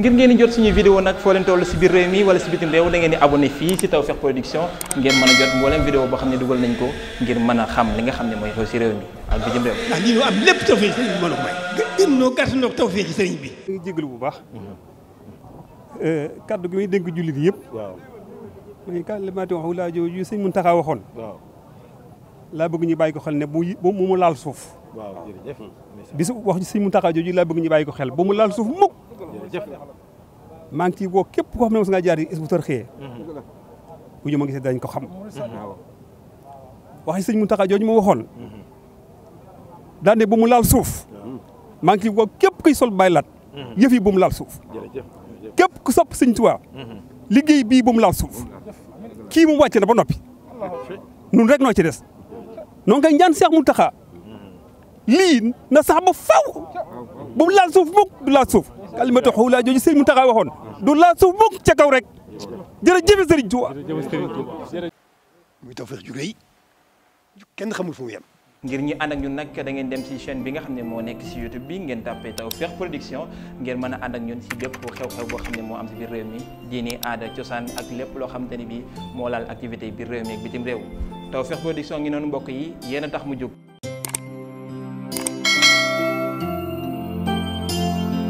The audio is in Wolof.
ngir ngeen jot suñu vidéo nag foo leen toll si biir réew mi wala si bitim réew da ngeen di abonné fii si Tawfekh Production ngeen mën a jot mboolem vidéo boo xam ne dugal nañ ko ngir mën a xam li nga xam ne mooy xew si réew mi ak bitim réew. ndax lii bi mën a may. bu baax. Euh, kaddu gi may dénk jullit yëpp. waaw muy kàllaamaati waxu laa jooju sëñ waxoon. laa bëgg ñu bàyyi ko xel ne bu mu laal suuf. waaw jërëjëf. bisu wax ci sëñ Muntaxa jooju laa bëgg ñu bàyyi ko xel ba mu laal suuf mukk jërëjëf maa ngi ciy woo képp koo xam ne mos ngaa a yi is bu tarxiyee ñu ma gisee dañ ko xam mhm. waxi sëñ Muntaxa jooju ma waxoon daane bu mu laal suuf mhm. maa ngi ciy képp kuy sol baylat mhm. yëf yi bu mu laal suuf képp ku sopp sëñ Tuubaa liggéey bii bu mu laal suuf kii mu wàcc na ba noppi nun rek noo ci des noonu ngay ñaan Seex lii na sax ba faw bu mu laal suuf mukk du laal suuf kalimatu xuulaa jooju sëriñ mu taxawaxoon du laa suuf mukk ca kaw rek jërëjëf sëriñ Tuuba muy Tawfekh ju rëy kenn xamul fu mu yem ngir ñi ànd ak ñun nag da ngeen dem si chaîne bi nga xam ne moo nekk si YouTube bi ngeen tàppee Tawfekh Production ngeen mën a ànd ak ñun si bépp xew-xew boo xam ne moo am si biir réew mi diini aada cosaan ak lépp loo xamante ni bi moo laal activité biir réew mi ak bitim réew Tawfekh Production ngi noonu mbokk yi yéen a tax mu jóg